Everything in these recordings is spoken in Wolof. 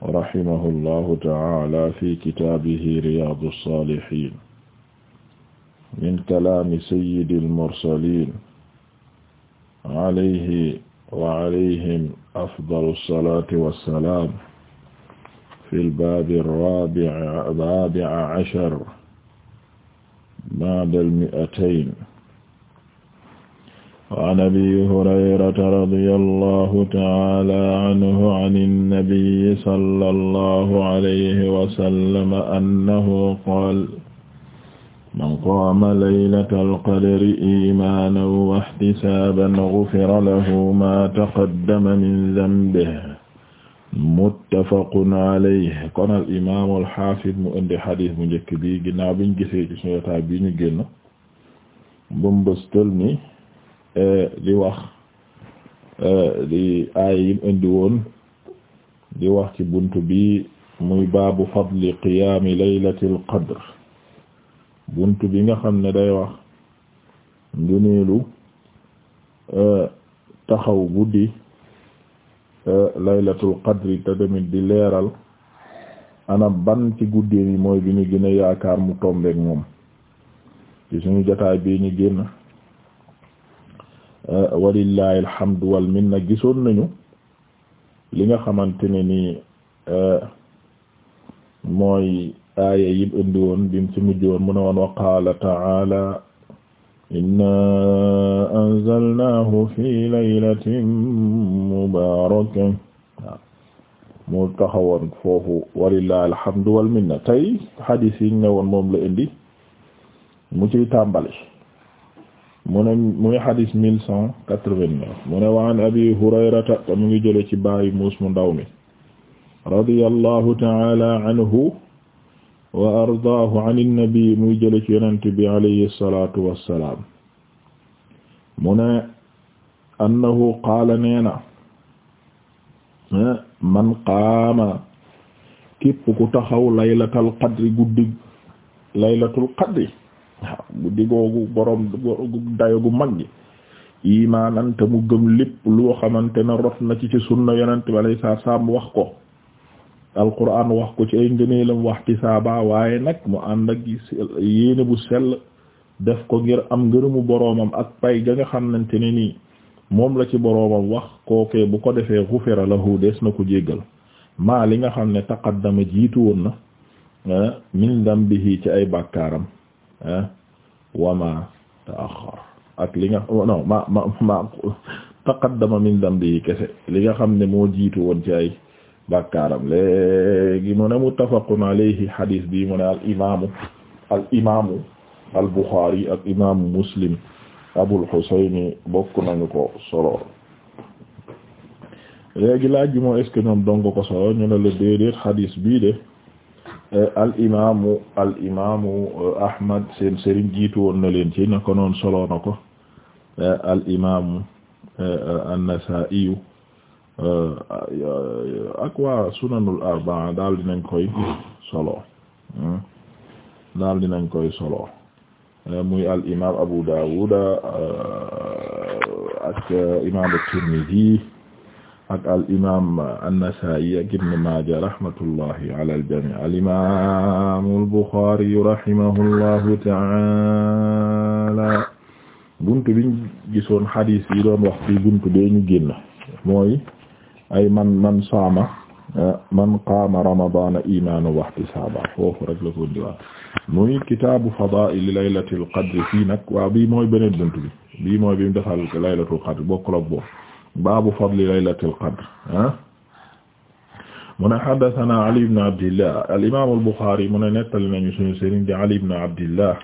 rahimahullahu ta'ala fi kitaabihi riyaadu saalihiin min kalaami sayyidil mursaliin alayhi wa alayhim afdalu salaati wa salaam fil baabi raabi'i ashar ba'dal mi'atayn waan abi hurayrata radiyallahu ta'ala anhu ani nabiyyi sallallahu alayhi wa sallam annahu qaala man qaama laylatal qadri iimaanan wa ihtisaaban ghufira lahu maa taqaddama min dhanbihi muttafaqun alayhi kon al imaamul haafid mu indi hadiis mu njëkk bi ginnaaw biñ gisee ci sunu jotaay bi ñu génn bombastal mi Eh, di wax eh, di aay yim indi woon di wax ci bunt bi muy baabu fadli qiyaami laylatil qadr bunt bi nga xam ne day wax njuneelu eh, taxaw guddi laylatul qadri te tamit di leeral ana ban ci guddi yi mooy bi ñu gën yaakaar mu tombeek moom ci suñu jotaay bii ñu génn Eh, walillahi alhamdu wal minna gisoon nañu li nga xamante ne nii eh, mooy aaya yim indi woon bim ci mujj woon mu ne woon wa qaala ta'ala inna anzalnaahu fi laylatin mubaarakatin mu taxawoon foofu walillahi alhamdu wal minna tey hadis yi ñu moom la indi mu ciy tàmbali mu ne muy xadis mille cent quatre-vingt-neuf mu ne waan abi hurayrata te mu ngi jële ci bàyyi muus mu ndaw mi radiyallahu taala anhu wa ardaahu an innabi muy jële ci yonent bi alayhi salatu wassalaam mu ne annahu qaala nee na man qaama képp ku taxaw laylatal qadri guddi laylatul qadri waaw guddi googu borom dayo gu mag gi imaanan te mu gëm lépp loo xamante ne rot na ci ci sunna yonent bi alayhi salaam wax ko alquran wax ko ci ay ngëneelam wax ci saaba waaye nag mu ànd ak yéene bu sell def ko ngir am ngërëmu boroomam ak pay ga nga xamante ne nii moom la ci boroomam wax kookee bu ko defee xufira lahu dees na ko jéggal maa li nga xam ne taqaddama jiitu woon na eh, min dambihi ci ay bàkkaaram wa ma ak li nga non ma ma ma min dambihi kese li nga xam ne moo jiitu woon ci ay bàkkaaram léegi mu ne muttafaqun bi mu ne al imaamu al imaamu al imaamu muslim abul xusayni bokk nañu ko solo léegi laaj bi moo est ce ko solo ñu ne la déedéet hadis bii de. Eh, al imaamu al imaamu eh, Ahmad seen sëriñ jiitu woon na leen ci naka noonu solo na ko eh, al imaamu an-Nasaa'i ak waa sunanul arbaa daal dinañ koy solo hmm? daal dinañ koy solo muy al imaam Abu Daawuda ak imaam at-Tirmidhi ak al imaam an-Nasaa'i ak Ibn Maaja rahmatullahi ala al-jamii' al imaam al-Buxaari rahimahullahu ta'aala buntu biñ gisoon xadiis yi doon wax ci buntu bee ñu génn mooy ay man man saama man qaama ramadaana iimaanan wa ihtisaaban foofu rek la ko diwaat muy kitaabu fadaa'ili laylatil qadri fii nag waaw bii mooy beneen buntu bi bii mooy bi mu defal laylatul qadri bokkul ak boobu baabu fadli laylatil qadr ah mu ne haddasanaa Ali ibn Abdillah al-imaam al-Buxaari mu ne nettali nañu sunu sëriñ di Ali ibn Abdillah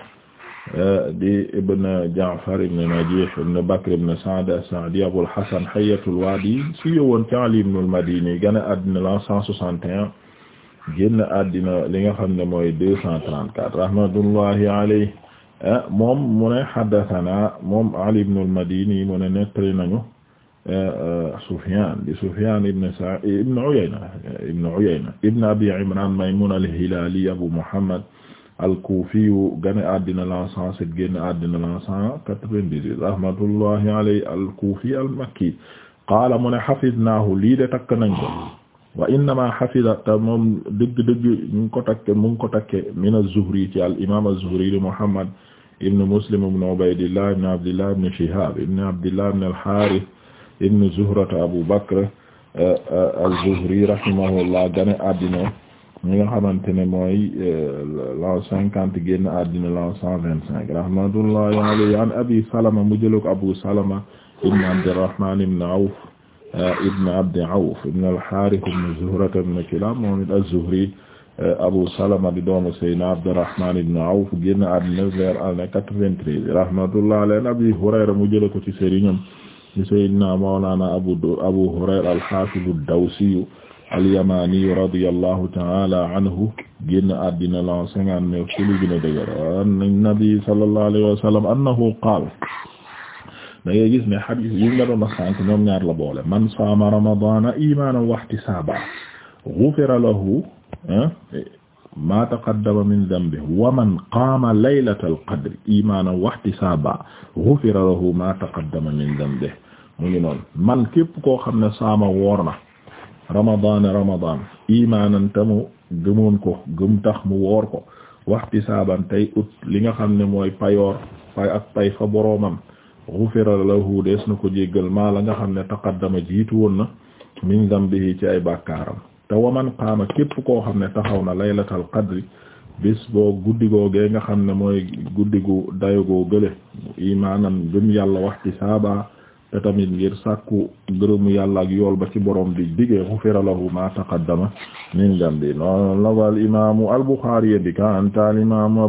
eh, di ibn Ja'far ibn Najiih ibn Bakr ibn Sa'd as-Sa'di Abul Hasan Hayyatul Waadi si yowoon ci Ali ibn al-Madini gane àddina la 161 génn àddina li nga xam ne mooy 234 rahmatullahi alayhi eh, moom mu ne haddasanaa moom Ali ibn al-Madini mu ne nettali nañu Sufyan di Sufyan ibn Sa'id ibn Uyayna ibn Uyayna ibn Abi Imran Maymun al-Hilali Abu Muhammad al-Kufi gane àddina la cent sept génn àddina la cent quatre-vingt-dix-huit rahmatullahi alayhi al-Kufi al-Makki qaala mu ne hafidnaahu lii de takk nañ ko wa innama hafida ta moom dëgg-dëgg mu ngi ko takke mu ngi ko takke min az-Zuhri ci al-imam az-Zuhri di Muhammad ibn Muslim ibn Ubaydillah ibn Abdillah ibn Shihab ibn Abdillah ibn al-Harith ibn Zuhrata Abu Bakr eh, eh, az-Zuhri rahimahullah gane addina ñi nga xamante ne mooy eh, l'an cinquante génn addina l'an cent vingt cinq rahmatullahi alayhi an Abi Salama mu jël ko Abu Salama ibn Abdurrahman ibn Awf ibn Abd Awf ibn al-Harith ibn Zuhrata ibn Kilab moom it az-Zuhri Abu Salama di doomu Seydina Abdurrahman ibn Awf génn addina vers année quatre-vingt-treize rahmatullahi alayhi Abi Hurayra mu jël ko ci sëriñam ci sayyidina mawlana abu abu hurayra al-hafiz ad-dawsi al-yamani radiyallahu ta'ala anhu génn àddina la 59 ci lu gën a dëgër an-nabi sallallahu alayhi wa sallam annahu qaala da ngay gis ne hadith yi nga doon sànk ñoom ñaar la boole man saama ramadana imanan wa ihtisaban ghufira lahu ah, ma taqaddama min dambi wa man qaama laylatal qadri imaanan wahtisaaba ghufira lahu ma taqaddama min dambi mu ngi noonu man képp koo xam ne saama woor na ramadaan ramadaan imaanan tamu gëmoon ko gëm tax mu woor ko wahtisaaban tey ut li nga xam ne mooy payoor pay ak pay fa boroomam ghufira lahu dees na ko jéggal maa la nga xam ne taqaddama jiitu woon na min dambihi ci ay bàkkaaram te waman qaama képp koo xam ne taxaw na laylatal qadri bis boo guddigoo gee nga xam ne mooy guddigu dayogoo gële imaanam gëm yàlla wax ci saaba te tamit ngir sàkku gërëmu yàlla ak yool ba ci borom bi digee xufira lahu ma taqaddama min dambi noonu la ko al imaamu al Buxaari yeddi kanta al imaamu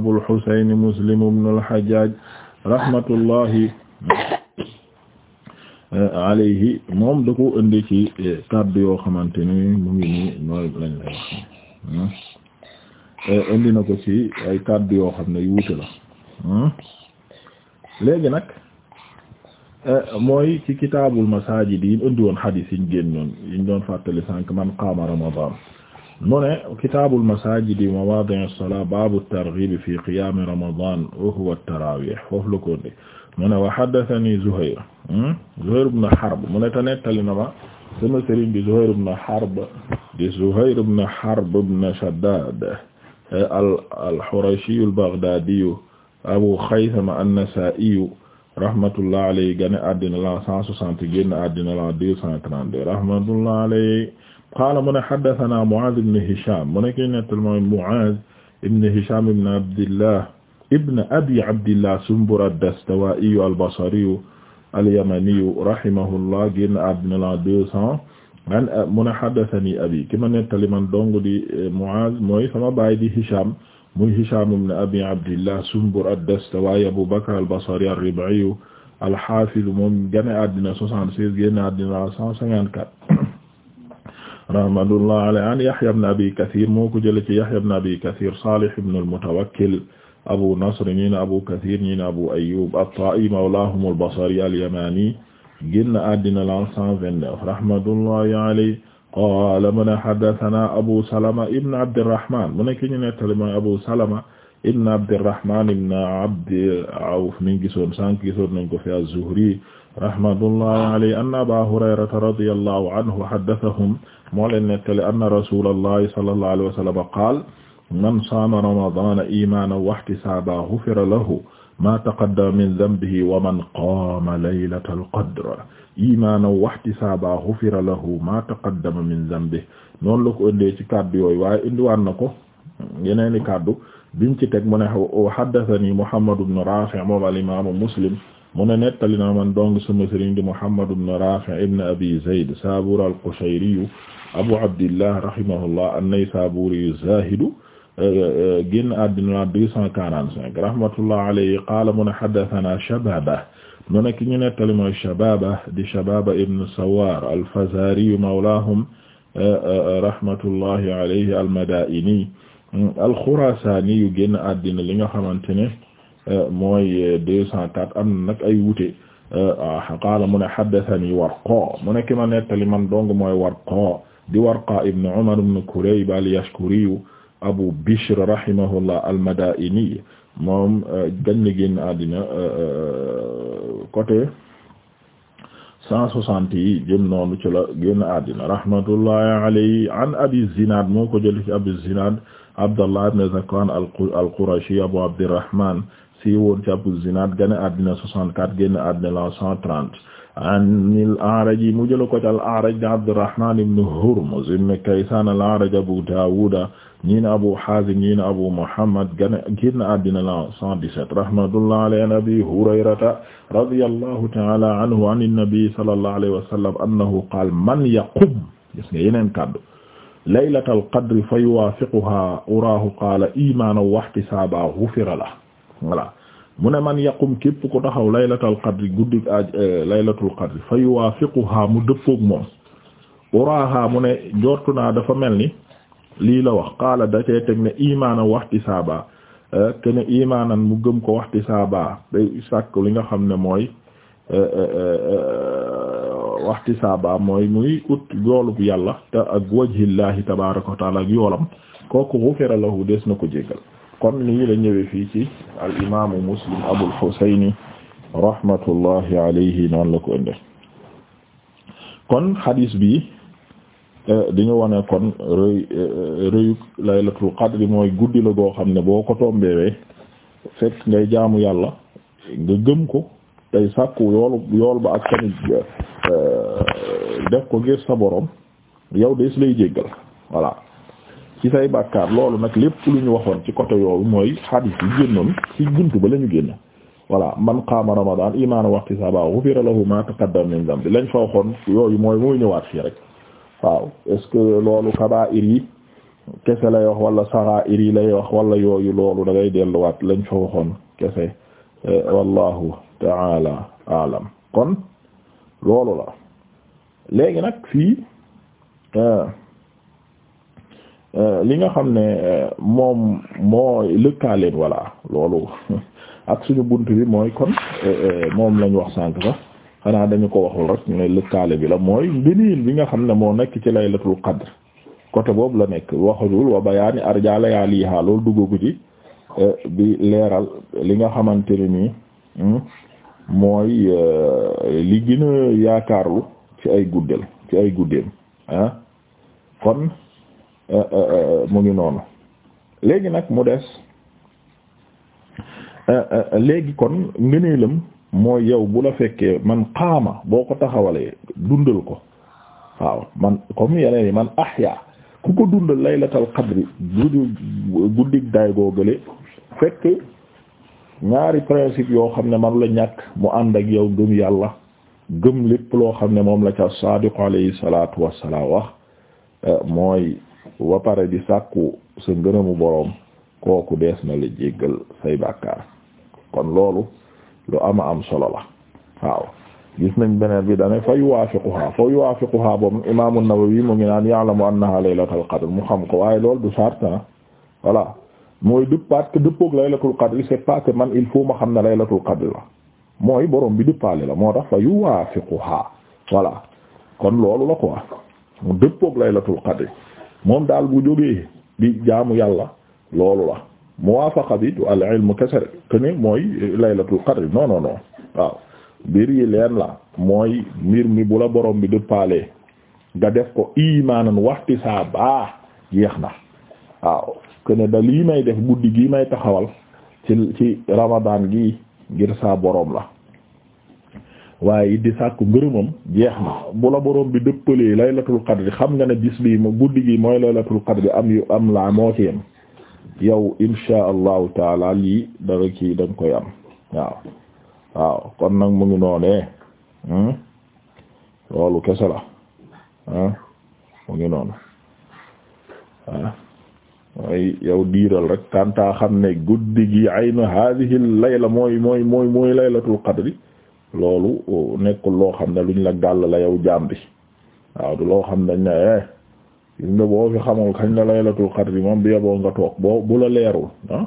Muslim ibn al Hajjaj rahmatullahi Euh, alayhi moom da ko indi ci eh, kàddu yoo xamante ni mu ngi nii nooy lañ lay wax hmm? eh, indi na ko ci ay kàddu yoo xam ne yu wute la hmm? léegi nag eh, mooy ci kitaabul masaajid yi indi woon xadiis yiñ génnoon yiñ doon fàttali sànq man qaama ramadaan mu ne kitaabul masaajid yi mawaadi'u salaa baabu targhiib fi qiyaami ramadaan wa huwa at-taraawiih foofu la ko indi mu ne wa haddathani Zuhayr hmm? Zuhayr ibn Harb mu ne te nettali na ma sama sëriñ bi Zuhayr ibn Harb di Zuhayr ibn Harb ibn Shaddad eh, al-Hurashi al-Baghdadi Abu Khaythama an-Nasa'i rahmatullah alayhi gane addina la 160 génn addina la 232 rahmatullah alayhi qaala mu ne haddathana Mu'adh ibn Hisham mu ne ki nettal mooy Mu'adh ibn Hisham ibn Abdillah ibn abi abdillah sumbur ad-dastawa'i al-basri al-yamani rahimahullah génn àddina la deux cent an mu ne haddathani abi ki ma nettali man dong di eh, Muaz mooy sama baay di Hisham muy Hisham ibn abi abdillah sumbur ad-dastawa'i abu bakr al-basri ar-rib'i al-hafiz moom génn àddina soixante-seize génn àddina cent cinquante-quatre rahmatullah alayhi an Yahya ibn abi Kathir moo ko jële ci Yahya ibn abi Kathir Salih ibn al-Mutawakkil abu nasr ñi na abu kathir ñi na abu ayyub at-ta'i mawlahum al-basri al-yamani génn àddina lan 129 rahmatullahi alayhi qaala mu ne haddathana abu salama ibn abdirrahman mu ne ki ñu nettali mooy abu salama ibn abdirrahman ibn abdi awf mi ngi gisoon sànq gisoon nañ ko fi az-zuhri rahmatullahi alayhi anna aba hurayrata radiyallahu anhu haddathahum moo leen nettali anna rasulallahi sallallahu alayhi wa sallam qaala man saama ramadana imanan wahtisaba ghufira lahu ma taqaddama min dhanbihi wa man qaama laylata alqadr imanan wahtisaba ghufira lahu ma taqaddama min dhanbihi noonu la ko indee ci kaddu yooyu waaye indiwaat na ko yeneeni kaddu bimu ci teg mu ne haddathani Muhammad ibn Rafi' moom al-imam Muslim mu ne nettali na man dong sama sëriñ di Muhammad ibn Rafi' ibn Abi Zayd Sabur al-Qushayri Abu Abdillah rahimahullah an-Naysaburi az-Zahid génn àddina la deux cent quarante cinq rahmatullah alayhi qaala mu ne haddathana Shababa mu ki ñu nettali mooy Shababa di Shababa ibn Sawar al-Fazari mawlahum eh, eh, rahmatullahi alayhi al khurasani yu génn àddina li nga xamante ne eh, mooy deux cent quatre am na nag ay wuute qaala mu ne haddathani Warqa mu ki ma nettali man dong mooy Warqa di Warqa ibn Umar ibn Kurayb al-Yashkuri Abu Bishr rahimahullah al-Madaini moom dañ euh, la génn àddina euh, euh, côté cent soixante la génn àddina rahmatullahi an Abi Zinad moo ko jël ci Abi Zinad Abdallah ibn Zakwan al Abu Abdirrahman si woon Abu Zinad génn àddina soixante-quatre génn àddina an al-A'raj mu jël ko ci Abu Dawud ñii na Abu Haazim ñii na Abu Muhammad gane génn àddina la 117 rahmatullah alayhi an Abi Hurayrata radiyallahu ta'ala anhu an an-nabi sallallahu alayhi wa sallam annahu qaala man yaqum gis nga yeneen kàddu laylatal qadri fa yuwaafiquhaa uraahu qaala iimaanan wa ihtisaaban ghufira lahu voilà mu ne man yaqum képp ku taxaw laylatal qadri guddi aj eh, laylatul qadri fa yuwaafiquhaa mu dëppook moom uraaha mu ne njortu naa dafa mel ni lii la wax qaala da cee teg ne imaanan waxtisaaba te eh, ne imaanan mu gëm ko waxtisaaba day sàkk li nga xam ne mooy eh, eh, waxtisaaba mooy muy ut yoolub yàlla te ak wajhillahi tabaaraka wa taala ak yoolam kooku ghufira lahu des na ko jéggal kon lii la ñëwee fii ci al imaamu muslim abul xusayni rahmatullahi alayhi noonu la ko kon hadis bi Euh, di ñu wane kon rëy euh, rëyu laylatul qadr mooy guddi la goo xam ne boo ko tombeewee fekk ngay jaamu yàlla nga gëm ko tey sàkku yoolu yool ba ak tamit euh, def ko ngir sa borom yow des lay jéggal voilà ci say bàkkaar loolu nag lépp lu ñu waxoon ci côté yooyu mooy xadiis yi génnoon ci buntu ba la ñu génn voilà man qaama ramadan imaana waxti saba ghufira lahu ma taqaddama min dhanbi lañ fa waxoon yooyu mooy mooy ñëwaat fii rek waaw est-ce que loolu kabaa'ir yi kese lay wax wala saxaa'ir yi lay wax wala yooyu loolu dangay delluwaat lañ fa waxoon kese eh, wallahu ta'ala a'lam kon loolu la léegi nag fii eh, eh, li nga xam ne moom mooy lëkkaaleen voilà loolu ak suñu bunt bi mooy kon moom lañ wax sànq sax xanaa dañu ko waxul rek ne lëkkaale bi la mooy ngëneel bi nga xam ne moo nekk ci laylatul qadr côté boobu la nekk waxajul wa bayaani arja layaaliha loolu duggagu ci bi euh, leeral li nga xamante ne nii hmm, mooy euh, li gën a yaakaarlu ci ay guddeel ci ay guddeem ah kon euh, mu ngi noonu léegi nag mu des léegi kon ngëneelam mooy yow bu la fekkee man qaama boo ko taxawalee dundal ko waaw man comme yeneen yi man ahya ku ko dundal laylatal qadri guddi guddig day googale fekk ñaari principe yoo xam ne man la ñàkk mu ànd ak yow gëm yàlla gëm lépp loo xam ne moom la ca saadiqu alayhi salaatu wassalaam wax euh, mooy wa pare di sàkku sa mu boroom kooku dees na la jéggal say bàkkaar kon loolu lu ama am solo la waaw gis nañ beneen bi danay fa yuwaafiquha fa yuwaafiquha boobu imaamu Nawawi mu ngi naan ya'lamu annaha laylatul qadr mu xam ko waaye loolu du sart na ah. voilà mooy dëppaat que dëppoog laylatul qadr c'est pas que man il faut ma xam ne laylatul qadr la mooy borom bi dëppaale la moo tax fa yuwaafiquha voilà kon loolu la quoi mu dëppoog laylatul qadr moom daal bu jógee di jaamu yàlla loolu la muwaafaqa bi du al ilmu kese que ne mooy laylatul qadr non non waaw mbir yi leen la mooy mbir mi bu la borom bi dëppaalee nga def ko imaanan waxti saa baa yeex na waaw que ne da lii may def guddi gi may taxawal ci ci ramadaan gi ngir saa boroom la waaye it di sàkku ngërëmam jeex na bu borom bi dëppalee laylatul qadr xam nga ne bis bii guddi gi mooy laylatul qadr am yu am laa moo yow insha allahu taala lii dara kii da nga koy am waaw kon nag mu ngi noone hmm? loolu kese la hmm? mu ngi noonu ah mooy yow diiral rek kanta xam ne guddi gi aynu hadhihi layla mooy mooy mooy mooy laylatul qadri loolu nekkul loo xam ne lu ñu gàll la yow jaam bi waaw du loo xam ne dañ eh, ne gis nga boo fi xamul kañ la laylatul qadri moom bi yeboo nga toog boo bu la leerul ah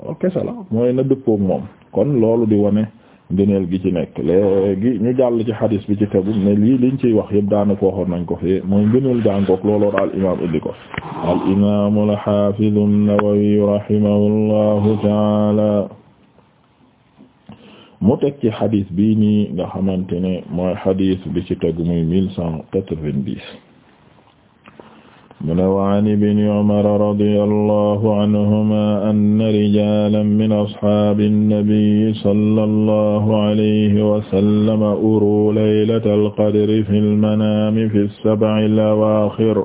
loolu kese la mooy na dëppook moom kon loolu di wane gëneel gi ci nekk léegi ñu jàll ci xadis bi ci tegu mais lii liñ ciy wax yëpp daanaka waxoon nañ ko fi mooy gëneel jàngook looloon al imaam indi ko al imaam al xaafiz an-Nawawi rahimahullahu mu teg ci xadis bii nii nga xamante ne mooy xadis bi ci tegu muy cent quatre-vingt-dix mu ne wa an ibni umara radiyallahu anhuma anna rijalan min ashabi nnabiyi sallallahu alayhi wa sallam uruu laylatal qadri fil manaami fi sab'il awaakhir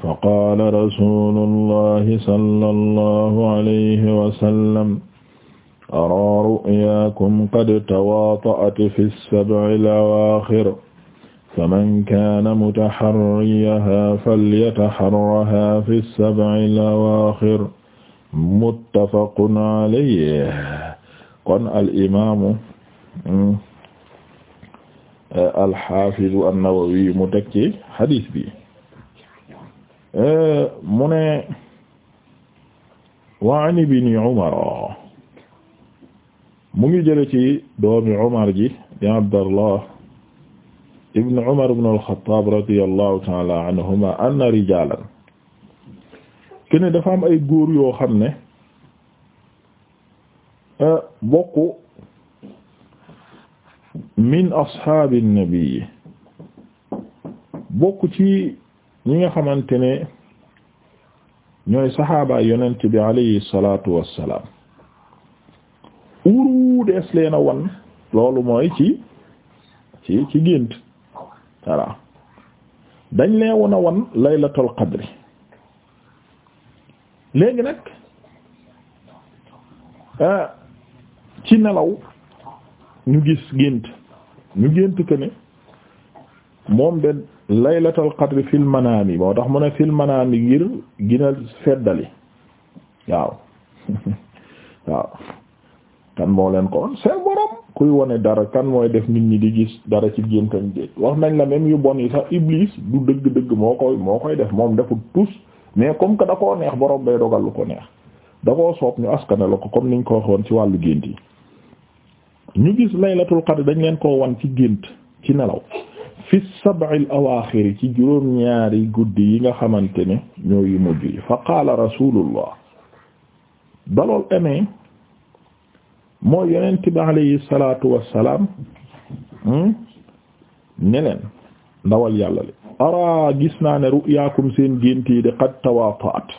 faqaala rasuulullahi sallallahu alayhi wa sallam araa ru'yaakum qad tawaata'at fi sab'il awaakhir faman kaana mutaharriyaha falyataharraha fi sab'i al-awaaxir muttafaqun alayhi kon al-imaamu hmm, eh, al-xaafidu an-Nawawi mu teg ci xadiis bi eh, mu ne wa an ibni Umar mu ngi jële ci doomi Umar ji di Abdallah ibn Umar ibn al-Khattab radiyallahu ta'ala anhuma anna rijalan dafa am ay góor yoo xam ne euh, bokk min ashaabi nabi bokk ci ñi nga xamante ne ñooy saxaaba yonent bi alayhi salatu wassalaam uru dees leena wan loolu mooy ci ci ci gént voilà dañ lee won a won laylatul qadri léegi nag euh, ci nelaw ñu gis gént ñu gént que ne moom de laylatul qadri fil manaami moo tax mu ne fil ngir gina feddali waaw waaw kan moo leen ko won c'est bon kuy wone dara kan mooy def nit ñi di gis dara ci géntam géej wax nañ la même yu bon yi sax iblis du dëgg-dëgg moo koy moo koy def moom deful tous mais comme que da koo neex boroom bay dogal lu ko neex da koo soob ñu askane la ko comme ni niñ ko waxoon ci wàllu gént yi ñu gis laylatul qadr dañ leen koo wan ci gént ci nelaw fi sab'il awaaxiri ci juróom ñaari guddi yi nga xamante ne ñoo yu mujj yi fa qaala rasulullah balool amee mooy yeneen bi alayhi salaatu wassalaam hmm? ne leen ndawal yàlla li ara gis naa ne ru'yaakum seen gént yi de qad tawaataat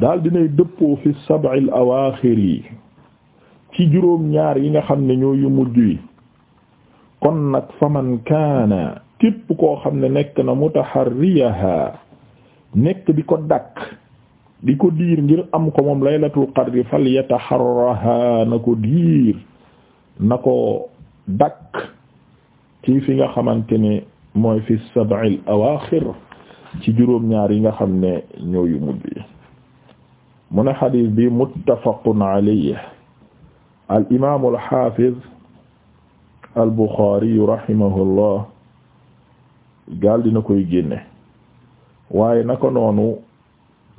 daal dinay dëppoo fi sab'il awaaxir yi ci juróom ñaar yi nga xam ne ñoo yu mujj yi kon nag faman kaana képp koo xam ne nekk na mutaharriyaha nekk di ko dakk di ko diir ngir am ko moom laylatul qadri falyataharraha na ko diir na ko dakk ci fi nga xamante ne mooy fi sab'il awaaxir ci juróom-ñaar yi nga xam ne ñoo yu mujj yi mu ne bi muttafaqun alayhi al imaamu al xaafiz al buxaari rahimahullah gaal dina koy génne waaye naka noonu.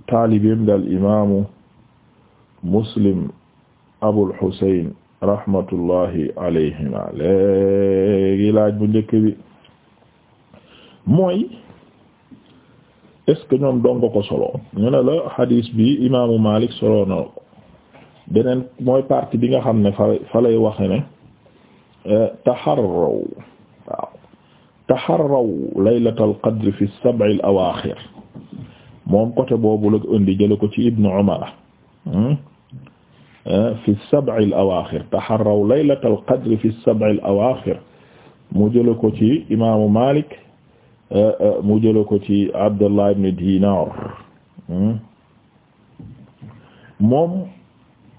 taalibeem daal imaamu muslim abul husayn rahmatullahi alayhima léegi laaj bu njëkk bi mooy est-ce que ñoom ko solo ñu la hadis bi imaamu Malik solo na beneen mooy partie bi nga xam ne fa lay waxe ne eh, taxarraw waaw taxarraw fi sab'il awaaxir moom côté boobu la ko indi jële ko ci ibnu umara hmm? eh, fi sab'i al-awaaxir taharraw laylatal qadri fi sab'i al-awaaxir mu jële ko ci imaamu Maalik eh, eh, mu jële ko ci Abdullah ibn Dinar hmm? moom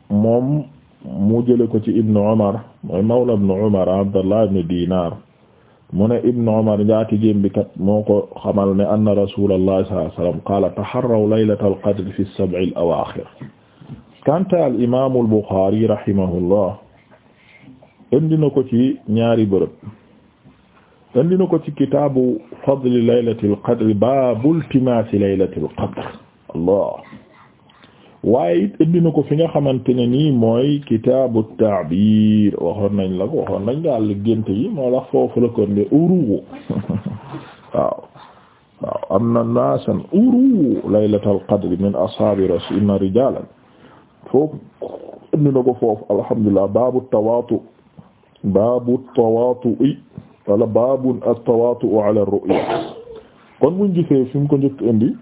moom mu jële ko ci ibnu Umar mooy mawla ibnu Umar Abdullah ibn Dinar mu ne Ibn Umar njaatigéem bi kat moo ko xamal ne anna Rasulullah sallallahu alayhi wa sallam qaala taharraw laylatal qadri fi sab'il awaaxir kanta al imaamul Buxaari rahimahullah indi na ko ci ñaari bërëb indi na ko ci kitaabu fadli laylatil qadri baabu iltimaasi laylatil qadri Allah waaye it indi na ko fi nga xamante ne nii mooy kitaabu ta'bir waxoon nañ la ko waxoon nañ daal gént yi moo la foofu la ko am na naasan uru laylatal qadri min ashaabi rasulina rijalan foofu indi na ko foofu alhamdulillah baabu tawaatu baabu tawaatu i wala baabu at-tawaatu ala ru'ya kon buñ gisee fi mu ko indi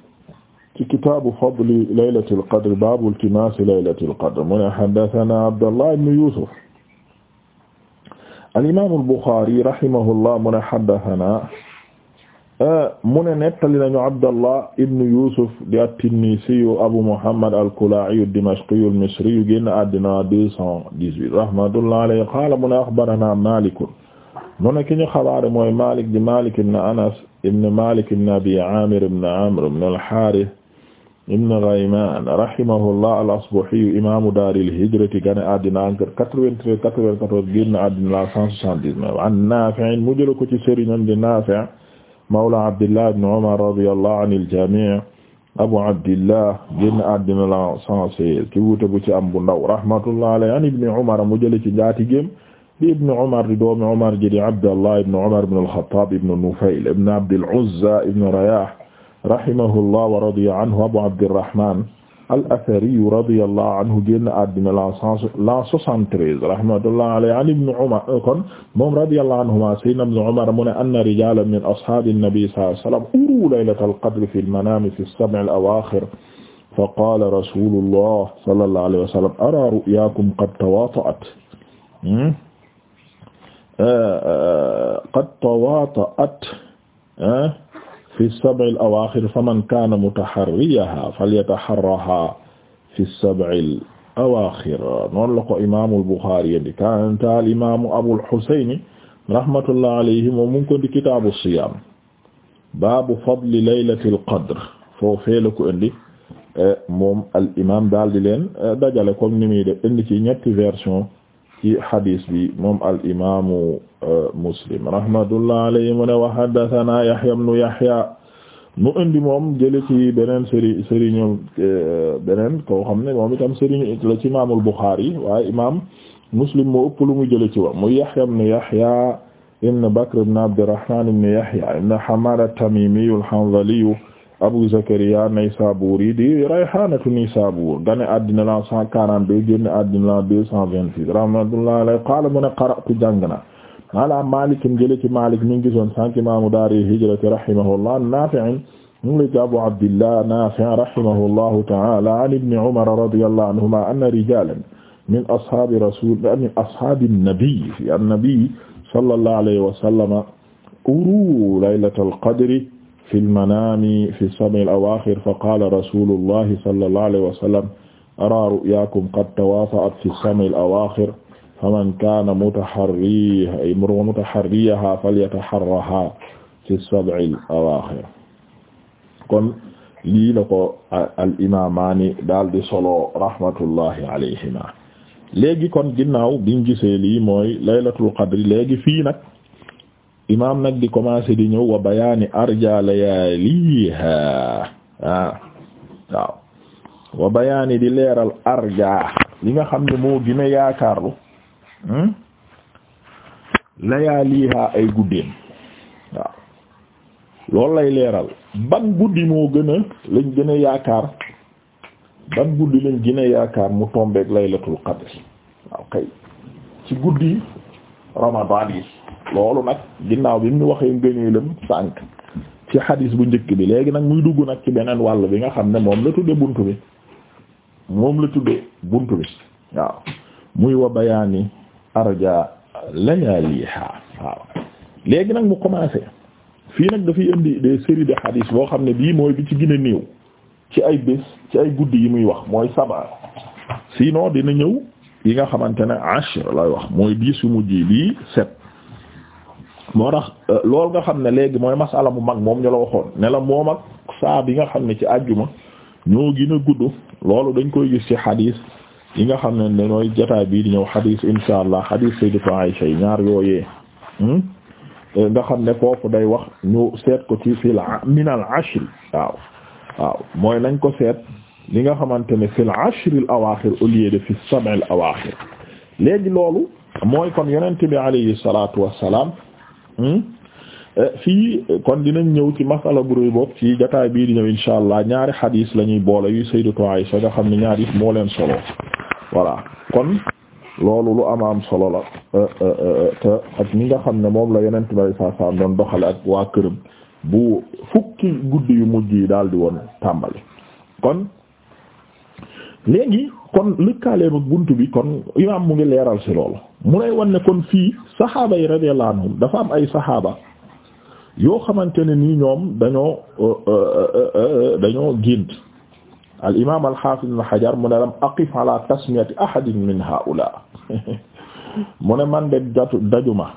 ci kitaabu fadli laylatil qadr baabu iltimaasi laylatil qadr mu ne haddasanaa Abdallah ibn Yuusuf al-imaamul Buxaari rahimahullah mu ne haddasanaa mu ne nettali nañu Abdallah ibn Yuusuf di at-Tinnisiyu Abu Muhammad al-Kulaa'iyu ad-Dimashqiyu al-Misriyu génn àddina 218 rahmatullahi alayhi qaala mu ne axbaranaa Maalik mu ne ki ñu xabaare mooy Maalik di Maalik ibn Anas ibn Maalik ibn Abi Aamir ibn Amr ibn al-Haarith ibn Ghayman rahimahullah al-Asbahi imaamu daaril hijrati gane àddina 93 94 génn àddina 179 an Naafi' mu jël ko ci sëriñam di Naafi' mawla Abdillah ibn Umar radiyallahu anil jamii' Abu Abdillah génn àddina la 116 ci wuute bu ci am bu ndaw rahmatullahi alayhi an ibn Umar mu jël ci njaatigéem di ibn Umar di doomi Umar ji di Abdallah ibn Umar ibn al-Khattab ibn Nufayl ibn Abd al-Uzza ibn Rayah rahimahullah wa radiya anhu Abu Abdirrahman al-Athari radiyallahu anhu génn àddina la la soixante-treize rahmatullahi alayhi an Ibn Umar euh, kon moom radiyallahu anhuma sayyidina Ibn Umar mu ne anna rijalan min ashabi an-nabi sallallahu alayhi wa sallam uru laylatal qadri fi al-manami fi as-sab'i al-awakhir fa qala rasulullah sallallahu alayhi wa sallam ara ru'yakum qad tawata'at hmm? euh, euh, qad tawata'at fi sab'il awaaxir faman kaana mutaharriyahaa falyataharrahaa fi sab'il awaaxir noonu la ko imaamul Buxaari yéen di kaantaal imaamu Abul Husayn rahmatullahi alayhi moom mu ngi ko di kitaabu siyaam baabu fadli laylatil qadr foofee la ko indi eh, moom al imaam daal di leen eh, dajale comme ni muy def indi ci ñetti version. ci hadis bi moom al imaamu euh, muslim rahmatullah alayhi mu ne wa haddathana yahya ibnu yahya mu indi moom jële ci beneen sëriñ sëriñu euh, beneen koo xam ne moom itam sëriñ la ci imaamul buxaari waaye imaam muslim moo ëpp lu mu jële ci wa mu yahya ibnu yahya ibnu bakr ibnu abdurrahmaan ibnu yahya ibnu hammaad at-tamiimi al-hanzali Abu Zakariya Naysaburi di Rayhanatu Naysabur gane addina la 142 génn addina la 226 rahmatullahi alayhi qaala mu ne qara'tu jàng na ala Maalik jële ci Maalik mi ngi gisoon sànq imaamu daari hijrati rahimahullah Naafi' mu ngi ci Abu Abdillah Naafi' rahimahullahu ta'ala an ibni Umar radiyallahu anhuma anna rijalan min ashaabi rasul min ashaabi nabi fi an-nabi sallallahu alayhi wa sallam uru laylatal qadri fi lmanami fi sab'i al-awaaxir fa qaala rasuulullahi sallallahu alayhi wa sallam araa ru'yaakum qad tawaafa'at fi sab'i al-awaaxir faman kaana mutaharriyahaa falyataharrahaa fi sab'i al-awaaxir kon lii la ko al-imaamaani daal di solo rahmatullahi alayhimaa léegi kon ginnaaw biñ gisee lii mooy laylatul qadri léegi fii nag imaam nag di commencé di ñëw wa bayaani arja layaaliha ah waaw wa bayaani di leeral arja li nga xam ne moo gën a yaakaarlu hmm? layaaliha ay guddeem waaw loolu lay leeral ban guddi moo gën a lañ gën yaakaar ban guddi lañ gën a yaakaar mu tombeek laylatul qadr waaw kay ci guddi ramadaan yi loolu nag ginnaaw bi mu waxee ngëneelam sànq ci xadis bu njëkk bi léegi nag muy dugg nag ci beneen wàll bi nga xam ne moom la tudde bunt bi moom la tudde bunt bi waaw muy wa bayaani arja layaaliha waaw léegi nag mu commencé fii nag dafay indi des séries de xadis boo xam ne bii mooy bi ci gën a néew ci ay bés ci ay guddi yi muy wax mooy saba sinon dina ñëw yi nga xamante ne ashr lay wax mooy dix yu mujj yi lii sept moo tax euh, loolu nga xam ne léegi mooy masala mu mag moom ñu la waxoon ne la moom ak saa bi nga xam ne ci àjjuma ñoo gën a gudd loolu dañ koy gis ci xadiis yi nga xam ne nooy jotaay bii di ñëw xadiis insha allah xadiis sayyidatu Aisha yi ñaar yooye hmm? euh, nga xam ne foofu day wax ñu seet ko ci fil minal ashri waaw mooy nañ ko seet li nga xamante ne fil ashr al awaaxir au lieu de fi sab' awaaxir léegi loolu mooy kon yonent bi alayhi salaatu wassalaam hmm? eh, fii kon dinañ ñëw ci masala bu rëy bopp ci jotaay bii di ñëw insha allah ñaari xadiis la ñuy boole yu sayyidatu Aysa nga xam ne ñaari moo leen solo voilà kon loolu lu ama am solo la eh, eh, te ak ñi nga xam ne moom la yonent bi alayhi salaatu doxale ak waa këram bu fukki guddi yu mujj yi daal di woon tàmbali kon léegi kon lëkkaaleem ak bunt bi kon imaam mu ngi leeral ci loolu mu lay wan ne kon fii saxaaba yi radiyallahu anhum dafa am ay saxaaba yoo xamante ne nii ñoom dañoo euh, euh, euh, dañoo gént al imaam al xaafiz ibn Hajar mu ne lam aqif ala tasmiyati ahadin min haula mu ne man de jatu dajuma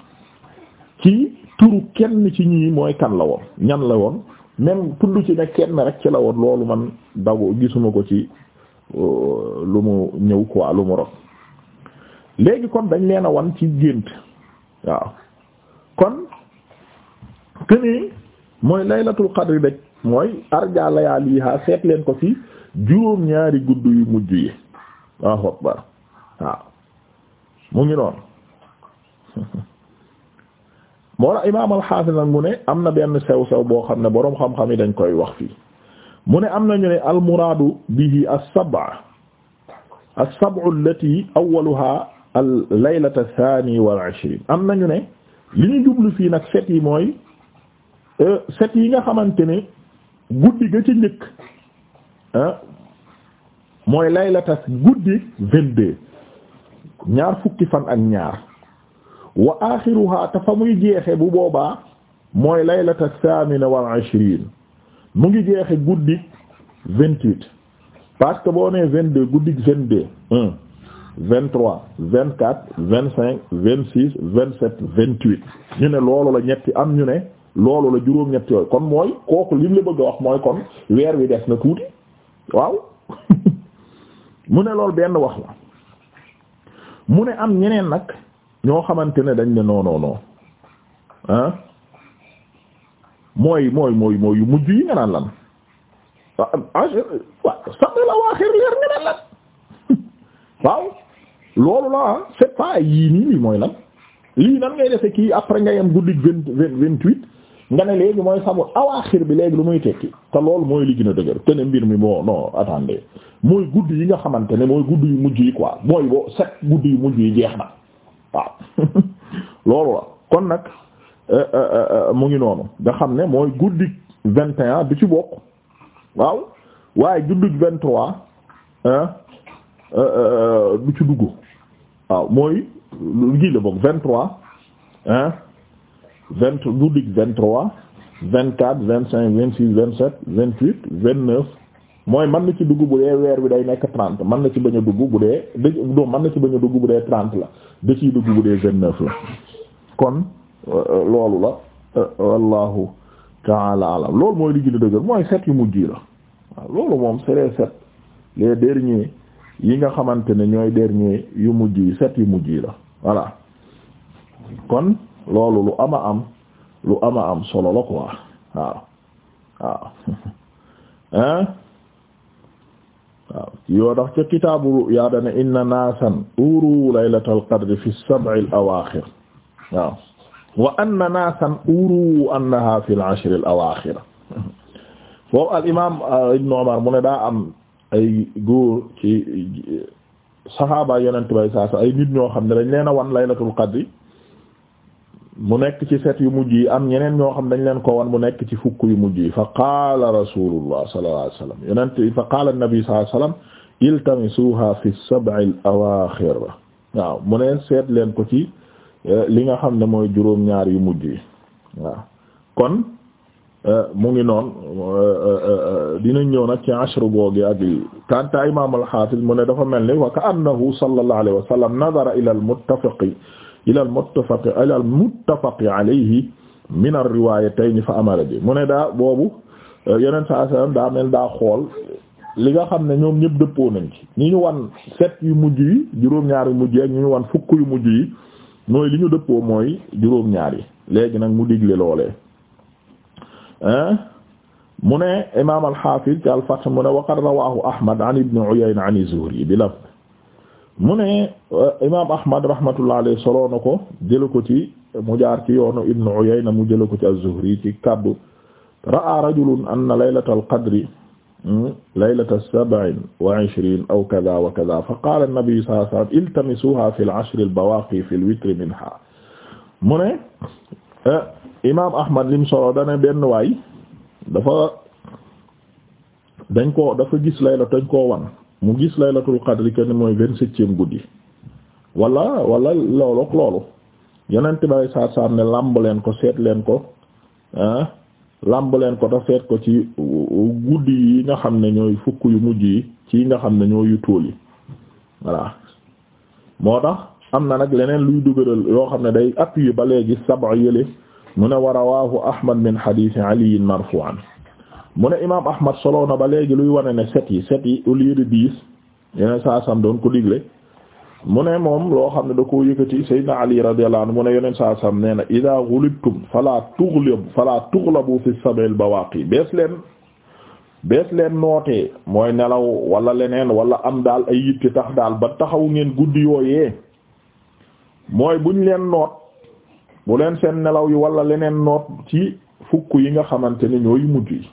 ci turu kenn ci ñii mooy kan la woon ñan la woon même tudd ci ne kenn rek ci la woon loolu man daw gisuma ko ci lu mu ñëw quoi lu mu rot léegi kon dañ leen a wan ci gént waaw kon que ni mooy laylatul qadr rek mooy arja layaaliha seet leen ko ci juróom-ñaari gudd yu mujj yi waaw akbar waaw mu ngi noonu moo la imaam al-Hafiz mu ne am na benn sew sew boo xam ne boroom xam-xam yi dañ koy wax fii mu ne am nañu ne almuraadu bihi as-sab'a as-sab'u allati awwaluha al-laylata ath-thani wal ishrin am nañu ne li ñu jublu fii nag set yi mooy e, set yi nga xamante ne guddi ga ci njëkk e, mooy laylata guddi vingt-deux ñaar fukki fan ak ñaar wa axiruha te fa muy jeexe bu boobaa mooy laylata ath-thamina wal ishrin mu ngi jeexe guddik vingt-huit parce que boo nee vingt-deux guddik vingt-deux un vingt-trois vingt-quatre vingt-cinq vingt-six vingt-sept vingt-huit ñu ne loolu la ñetti am ñu ne loolu la juróom ñetti yooyu kon mooy kooku lim la bëgg a wax mooy kon weer wi des na tuuti waaw mu ne loolu benn wax la mu ne am ñeneen nag ñoo xamante ne dañ ne non mooy mooy mooy mooy yu mujj yi nga naan lan angr waaw ah, same la waaxir leer nga naan waaw loolu la ah, c'est pas yii nii lii mooy lan lii nan ngay defe kii après nga yem guddi vingt vingt huit nga léegi mooy samu awaaxir ah, bi léegi lu muy tekki te loolu mooy li gën a dëgër te mbir mi moo non attendez mooy guddi yi nga xamante ne mooy guddi yu mujj yi quoi mooy boo set guddi yu mujj yi jeex na waaw loolu la kon nag Euh, euh, euh, mu ngi noonu nga xam ne mooy guddi vingt et du ci bokk waaw waaye guddik vingt trois du ci dugg waaw mooy gii la bokk vingt trois hein vingt guddik vingt trois vingt quatre vingt cinq vingt six vingt sept vingt huit vingt neuf mooy man na ci dugg bu dee weer bi day nekk trente man na ci bañ a dugg bu dee doo mën na ci bañ a dugg bu dee trente la da ciy dugg bu dee vingt neuf la kon loolu la wallahu taala alam loolu mooy li gën a dëgër mooy set yu mujj yi la waaw loolu moom c'est les sept les derniers yi nga xamante ne ñooy dernier yu mujj yi set yu mujj yi la voilà kon loolu lu ama am lu ama am solo la quoi waaw waaw hein waaw yoo tax ca kitaabu yaa dana inna naasan uru laylatal qadri fi sab'il awaaxir waaw wa anna naasan uru annaha fi al-ashr al-awaakhir foofu al imaam euh, Ibn Umar mu ne daa am ay góor ci euh, saxaaba yonent bay saa ay nit ñoo xam ne dañ leen a wan laylatul qadri mu nekk ci set yu mujj yi am ñeneen ñoo xam dañ leen ko wan mu nekk ci fukk yu mujj yi fa qaala rasulullah sallallahu alayhi wasallam yonent fa qaala an-nabi sallallahu alayhi wasallam iltamisuha fi as-sab'i al-awaakhir waaw mu ne seet leen ko ci Euh, li nga xam ne mooy juróom ñaar yu mujj yi waaw kon euh, mu ngi noon euh, dina ñëw nag ci ashru googi ak yi kanta imam al-hafiz mu ne dafa mel ni wa ka annahu sallallahu alayhi wa sallam ila al-muttafaqi ila al-muttafaqi ila al-muttafaqi alayhi fa amara bi mu ne daa boobu yeneen saa sallam daa mel daa xool li nga xam ne ñoom ñëpp dëppoo nañ ci ñi ñu wan set yu mujj yi juróom-ñaar yu mujj yi ak ñu ñu wan fukk yu mujj yi mooy li ñu dëppoo mooy juróom ñaari yi léegi nag mu digle loolee mu ne imaam al-Hafiz ci al-Fath mu ne waqad rawaahu Ahmad an Ibn Uyayna an az-Zuhri mu ne euh, imaam Ahmad rahmatullah alayhi soloo na ko jëla ko ci mu jaar ci yoonu Ibn Uyayna mu jëla ko ci ci kaddu ra'a rajulun anna laylatal qadri laylata sab'in wa ishriin aw kaza wa kaza fa qaala an-nabi sallallahu alayhi fi al-ashr al-bawaaqi fi al-witr minha mu ne eh, imaam Ahmad lim solo dana benn waay dafa dañ ko dafa gis laylatu dañ koo wan mu gis laylatul qadri kenn mooy vingt-septième guddi wala wala loolu ak loolu yeneen tubaab yi saa ne làmb leen ko seet leen ko ah, làmb ko te ko ci guddi yi nga xam ne ñooy fukk yu mujj yi ci nga xam ne ñoo yu tool yi voilà moo tax am na nag leneen luy dugëral yoo xam ne day appuyer ba léegi saba yële mu ne wa rawahu ahmad min hadith ali marfu'an mu ne imam ahmad solo na ba léegi luy wane ne set yi set yi au lieu de dix yeneen saa sam doon ko digle mu ne moom loo xam ne da ko yëkkati sayyidina ali radiyallahu anhu mu ne sa saa sam nee na ida ghulibtum fala tughlabu fala tughlabu fi sab'il bawaqi bees leen bees leen nootee mooy nelaw walla leneen walla am daal ay yitte tax daal ba taxaw ngeen guddi yooyee mooy buñ leen noot bu leen seen nelaw yi wala leneen noot ci fukk yi nga xamante ne ñooy mujj yi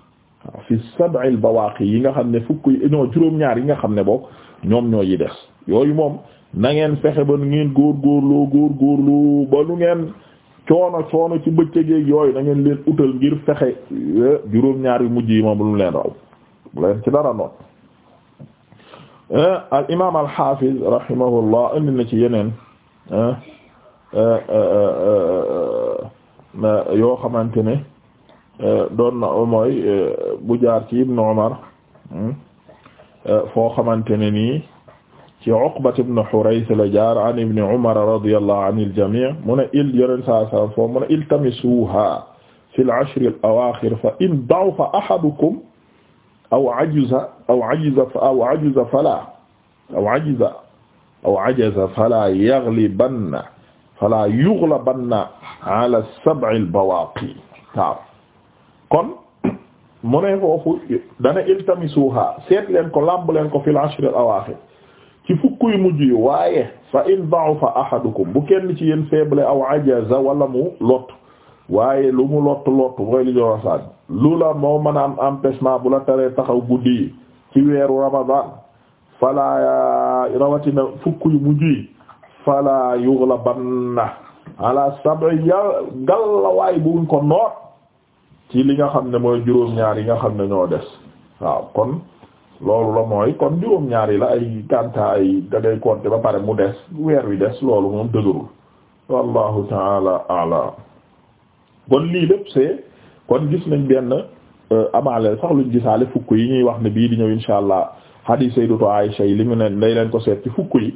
waaw fi sab'il bawaqi yi nga xam ne fukk yi ñoo juróom-ñaar yi nga xam ne boog ñoom ñoo yi des na ngeen fexe ba nu ngeen góor góorgóorloo ba lu ngeen coono coono ci bëccëgeeg yooyu na ngeen leen utal ngir fexe eh, juróom-ñaar mujj yi moom lu leen raw leen ci dara noonu eh, al imaam al xaafiz rahimahullah indi na ci yeneen eh, yoo xamante ne doon na mooy bu jaar ci ibnu Umar hmm, foo xamante ne nii ci Uqbat ibn Hurayth la jaar an ibn Umar radiyallahu anil jamii mu ne il yoneen saa saa foofu mu ne iltamisuuha fil ashri al-awaakhir fa in da'afa ahadukum aw ajiza aw ajiza aw ajiza falaa aw ajiza aw ajaza falaa yaghlibanna falaa yughlabanna ala as-sab'i al-bawaaqi waaw kon mu ne foofu dana iltamisuuha seet leen ko lamb leen ko fil ashri al-awaakhir ci fukkuy mujj yi waaye fa in da'ufa ahadukum bu kenn ci yéen faible aw ajaza wala mu lot waaye lu mu lot lot mooy li ñoo waxaat lu la moo mën a am empêchement bu la taree taxaw guddi yi ci weeru ramadan fala rawatina fukkuy mujj yi fala yughlabanna ala sab'i galla waay buñ ko noot ci li nga xam ne mooy juróom-ñaar yi nga xam ne ñoo des waaw kon loolu la mooy kon juróom-ñaar yi la ay kanta ay da ngay compter ba pare mu des weer wi des loolu moom dëgërul wallahu taala alam kon lii lépp c'est kon gis nañ benn euh, amaale sax luñ gisaale fukk yi ñuy wax ne bii di ñëw insha allah hadith sayyidatu yi li mu ne day leen ko seet fukk yi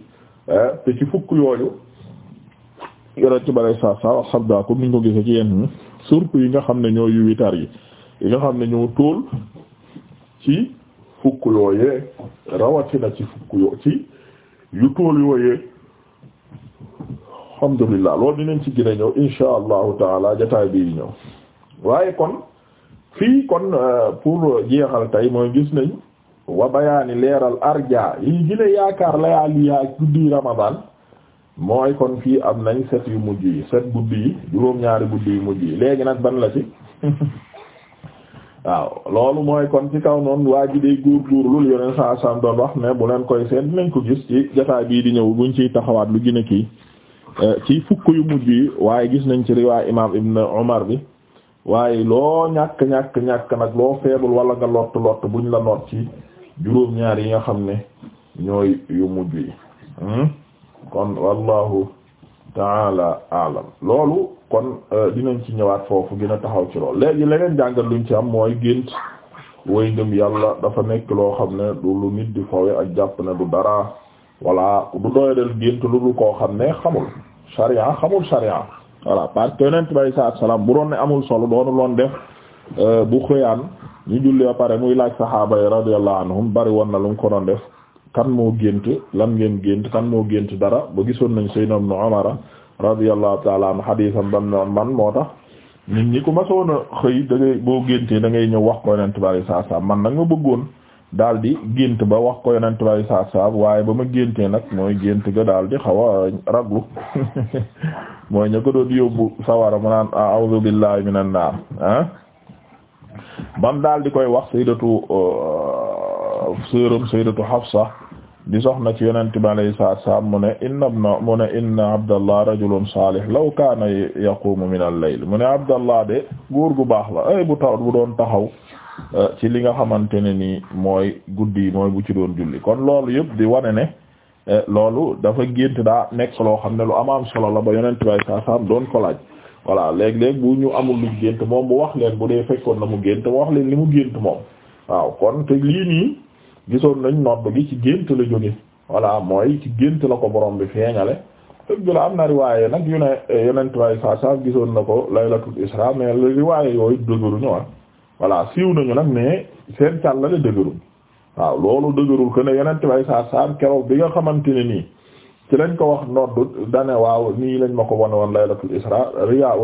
euh, te ci fukk yooyu yore ci bare saa saa wax sabda comme niñ ko gisee ci yenn surtout yi nga xam ne ñoo yu witar yi yi nga xam ne ñoo tóol ci fukk yooyee rawatina ci fukk yoo ci yu tool yooyee alhamdulillah loolu dinañ ci gën a ñëw insha allahu taala jotaay bi yi ñëw waaye kon fii kon euh, pour jeexal tey mooy gis nañ wa bayaani leeral arja yi gën a yaakaar layaali yaa guddi ramadan mooy kon fii am nañ set yu mujj yi set guddi yi juróom-ñaari guddi yu mujj yi léegi nag ban la ci waaw loolu mooy kon ci kaw noonu waa ji day góorgóorlu yeneen saa saam doon wax ne bu leen koy seen dinañ ko gis ci jotaay bii di ñëw buñ ciy taxawaat lu gën kii ci fukk yu mujj yi waaye gis nañ ci riwaay imaam Ibn Umar bi waaye loo ñàkk ñàkk ñàkk nag loo feebul wala nga lott lott buñ la noot ci juróom ñaar yi nga xam ne ñooy yu mujj yi hmm? kon wallahu taala alam loolu kon euh, dinañ ci ñëwaat foofu gën a taxaw ci lool léegi leneen jàngat luñ ci am mooy gént way ngëm yàlla dafa nekk loo xam ne du lu nit di foowe ak jàpp ne du dara walla du doyadal gént lu dul koo xam ne xamul saria xamul sharia voilà parce que yonent salaam bu doon ne amul solo doonu loon def euh, bu xëyaan ñu julli ba pare muy laaj saxaaba yi radiyallahu anhum bari woon na lu mu ko doon def kan moo gént lan ngeen gént kan moo gént dara ba gisoon nañ sayyidna ibn Umar radiyallahu ta'ala an hadisam bam noon man moo tax nit ñi ku ma soon a xëy da ngay boo géntee da ngay ñëw wax ko yonent bari saa saab man nag ma bëggoon daal di gént ba wax ko yonent bari saa saab waaye ba ma géntee nag mooy gént ga daal di xaw a raglu mooy ña ko doon yóbbu sawara mu naan a'udhu billahi minan naar ah bam daal di koy wax sayyidatu uh, sëram sayyidatu Hafsa di soxna ci yonent bi alayhi salaatu salaam mu ne inna ibna mu ne inna Abdallah rajulun saalih law kaana yaquumu min al-layl mu ne Abdallah de góor gu baax la ay eh, bu taw bu doon taxaw eh, ci li nga xamante ne nii mooy guddi yi mooy bu ci doon julli kon loolu yëpp di wane ne eh, loolu dafa gént daa nekk loo xam ne lu am solo la ba yonent bi alayhi salaatu salaam doon ko laaj voilà léeg-léeg bu ñu amul lu gént moom bu wax leen bu dee fekkoon na mu gént wax leen li mu gén moom gisoon nañ nodd gi ci gént la jóge voilà mooy ci gént la ko borom bi feeñale dëgg la am na riwaaye nag yu ne yeneen tubaab yi gisoon na ko laylatul isra mais riwaaye yooyu dëgëruñu ah voilà siiw nañu nag mais seen càllale dëgëruñ waaw loolu dëgërul que ne yeneen tubaab yi saa saa keroog bi nga xamante ne nii ci lañ ko wax nodd dane waaw nii lañ ma ko wane woon laylatul isra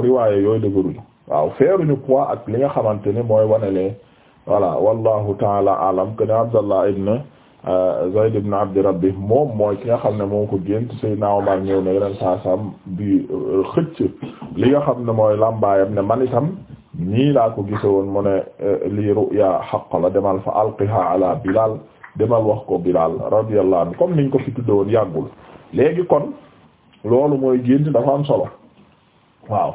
riwaaye yooyu dëgëruñu waaw feeruñu poids ak li nga xamante ne mooy wane lee voilà wallahu taala alam que ne Abdallah ibn euh, Zayd ibn Abdi Rabbi moom mooy ki nga xam ne moo ko gént Seydina Omar ñëw ne yeneen saa sam bi euh, xëcc li nga xam ne mooy làmbaayam ne man nii laa ko gise woon mu ne euh, lii ru'ya xaq la demal fa alqiha ala Bilal demal wax ko Bilal radiyallahu anhu comme niñ ko fi tudde woon yàggul léegi kon loolu mooy gént dafa am solo waaw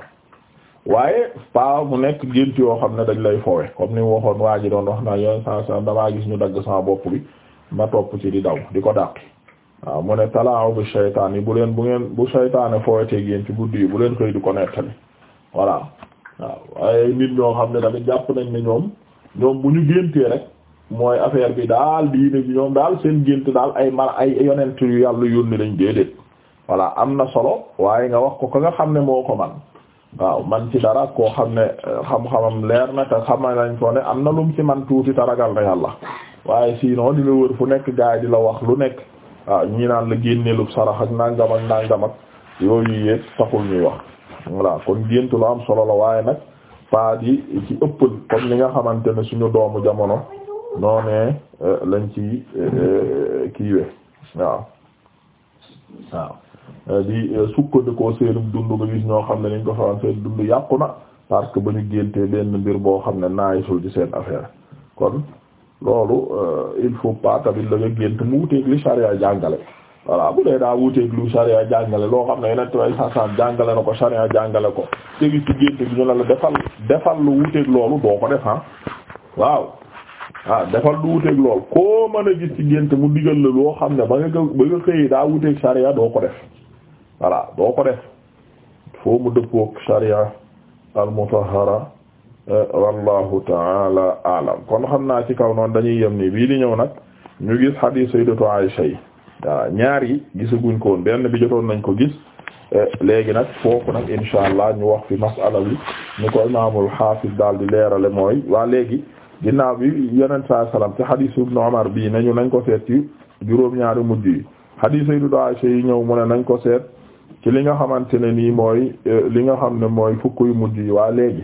waaye paa mu nekk gént yoo xam ne dañ lay fowe comme ni waxoon waa ji doon wax naa yoon saa saa damaa gis ñu dagg saa bopp bi ma topp ci di daw di ko dàq waaw mu ne talaaw bi shaytaan yi bu leen bu ngeen bu shaytaane fowetee gént ci guddi yi bu leen koy di ko nekk voilà waaw waaye nit ñoo xam ne tamit jàpp nañ ne ñoom ñoom bu ñu géntee rek mooy affaire bi daal diine bi ñoom daal seen gént daal ay mar ay yonent yu yàlla yónni lañ déedéet voilà am na solo waaye nga wax ko ko nga xam ne moo ko waaw man ci dara koo xam ne euh, xam-xamam leer na te xama lañ ko ne am na lum ci man tuuti taragal na yàlla waaye sinon noo la fu nekk gaay di la wax lu nekk waaw ñi naan la génneelub sarax ak nangam ak nangam ak yooyu yëpp taxul ñuy wax voilà kon géntu la am solo la waaye nag pas di ci ëppal comme li nga xamante ne suñu doomu jamono noo euh, lañ ci euh, kiiwe waaw waaw Euh, di euh, sukkandikoo seenum dund ba gis ñoo xam ne dañ ko fa am seen dund yàqu na parce que ba ñu géntee benn mbir boo xam ne naa soo ci seen affaire kon loolu euh, il faut pas tamit la nga gént mu wuteeg li charia jàngale voilà bu dee daa wuteeg lu charia jàngale loo xam ne yeneen way sasan jàngale na ko charia jàngale ko tegi ci gént bi ñu ne la defal defal lu wuteeg loolu doo ko def ah waaw ah defal lu wuteeg loolu koo mën a gis ci gént mu digal la xam ne ba daa wuteeg charia doo voilà boo ko def foo mu dëppook sharia al mutahhara euh, wallahu taala alam kon xam naa ci kaw noon dañuy yem ni bii di ñëw nag ñu gis hadith sayyidatu Aisha yi ñaar yi gisaguñ ko woon benn bi jotoon nañ ko gis euh, léegi nag foofu nag insha allah ñu wax fi masala bi ñu ko imaamul hafiz daal di leerale mooy waa léegi ginnaaw bi yeneen saa salaam ci hadith ibn Umar bii nañu nañ ko seet ci juróom-ñaari mujj yi hadith sayyidatu Aisha yi ñëw mu ne nañ ko seet ci li nga xamante ne nii mooy euh, li nga xam ne mooy fukk yu mujj yi waa léegi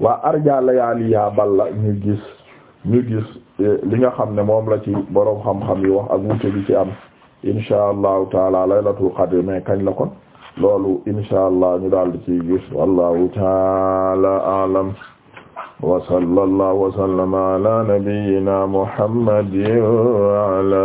waa arja layaali yaa bal la ñu gis ñu euh, li nga xam ne moom la ci boroom xam-xam yi wax ak wute bi ci am insha allahu taala laylatul qadr mais kañ la kon loolu insha allah ñu daal di ciy gis wallahu taala aalam wa sallallahu wa sallama ala nabiyyina muhammadin wa ala